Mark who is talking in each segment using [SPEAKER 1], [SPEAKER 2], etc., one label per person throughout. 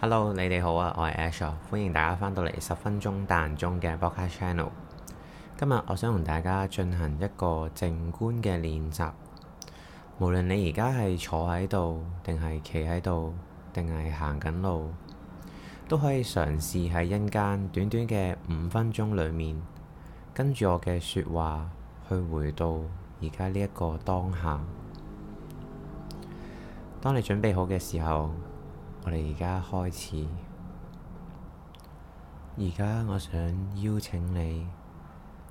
[SPEAKER 1] Hello，你哋好啊！我係 Ash，歡迎大家返到嚟十分鐘彈鐘嘅播客 channel。今日我想同大家進行一個靜觀嘅練習。無論你而家係坐喺度，定係企喺度，定係行緊路，都可以嘗試喺一陣間短短嘅五分鐘裏面，跟住我嘅說話去回到而家呢一個當下。當你準備好嘅時候。我哋而家開始，而家我想邀請你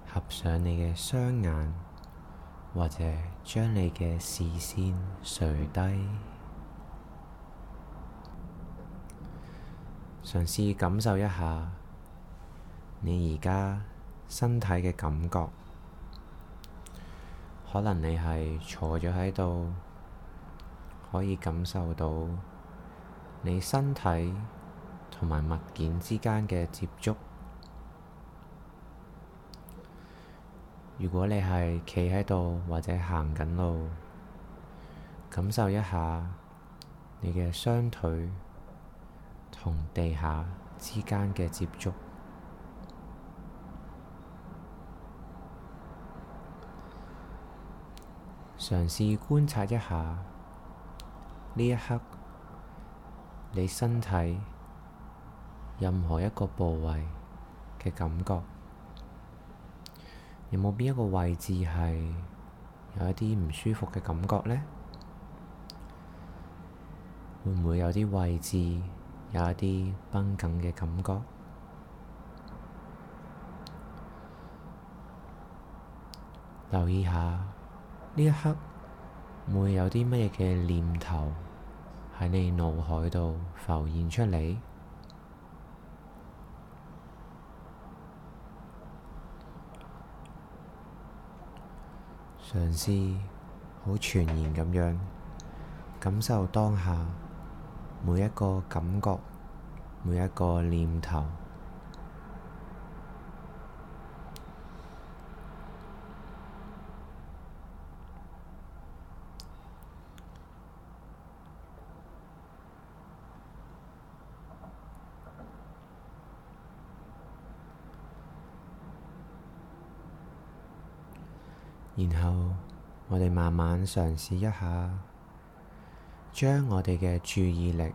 [SPEAKER 1] 合上你嘅雙眼，或者將你嘅視線垂低，嘗試感受一下你而家身體嘅感覺。可能你係坐咗喺度，可以感受到。你身體同埋物件之間嘅接觸，如果你係企喺度或者行緊路，感受一下你嘅雙腿同地下之間嘅接觸，嘗試觀察一下呢一刻，你身體任何一個部位嘅感覺，有冇邊一個位置係有一啲唔舒服嘅感覺呢？會唔會有啲位置有一啲繃緊嘅感覺？留意下呢一刻會唔會有啲乜嘢嘅念頭？喺你腦海度浮現出嚟，嘗試好全然咁樣感受當下每一個感覺，每一個念頭。然後我哋慢慢嘗試一下，將我哋嘅注意力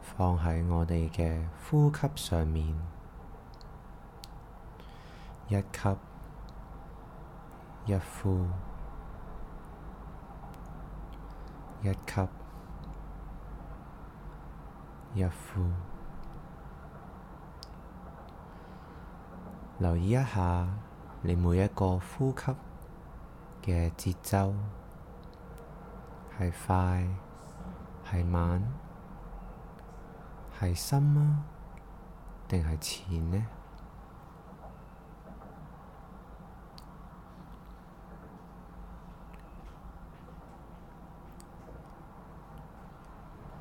[SPEAKER 1] 放喺我哋嘅呼吸上面，一吸一呼，一吸一呼，留意一下你每一個呼吸。嘅節奏係快、係慢、係深啊，定係淺呢？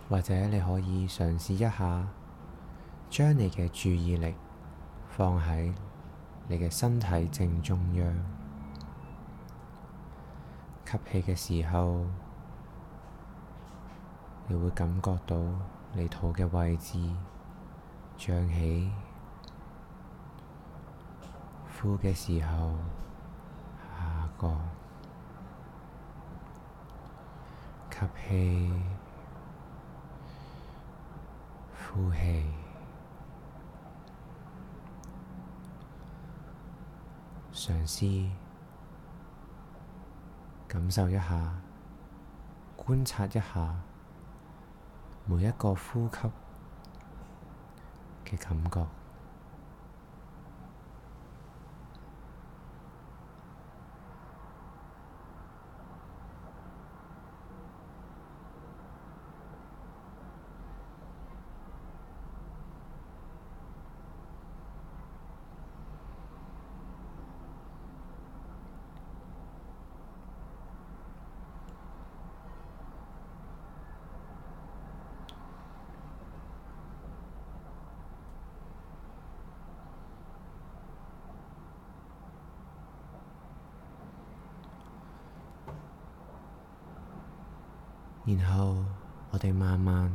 [SPEAKER 1] 或者你可以嘗試一下，將你嘅注意力放喺你嘅身體正中央。吸氣嘅時候，你會感覺到你肚嘅位置漲起；呼嘅時候，下降。吸氣，呼氣，嘗試。感受一下，觀察一下每一個呼吸嘅感覺。然後我哋慢慢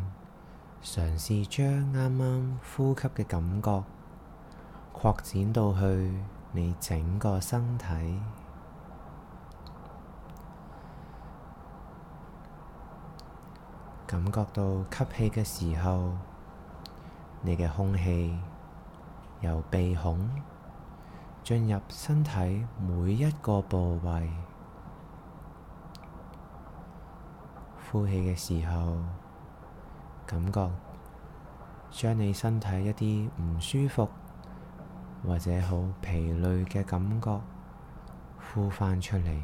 [SPEAKER 1] 嘗試將啱啱呼吸嘅感覺擴展到去你整個身體，感覺到吸氣嘅時候，你嘅空氣由鼻孔進入身體每一個部位。呼氣嘅時候，感覺將你身體一啲唔舒服或者好疲累嘅感覺呼返出嚟，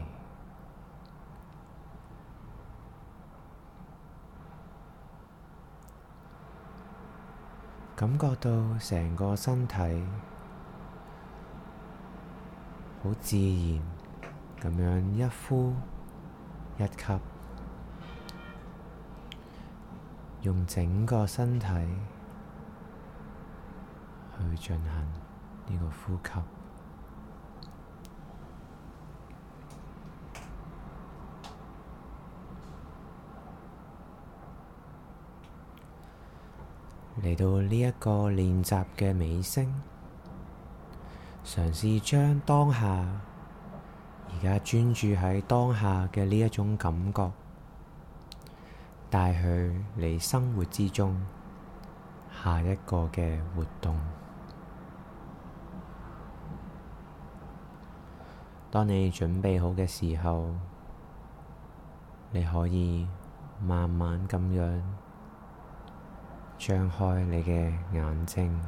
[SPEAKER 1] 感覺到成個身體好自然咁樣一呼一吸。用整個身體去進行呢個呼吸，嚟到呢一個練習嘅尾聲，嘗試將當下而家專注喺當下嘅呢一種感覺。帶去你生活之中，下一個嘅活動。當你準備好嘅時候，你可以慢慢咁樣張開你嘅眼睛。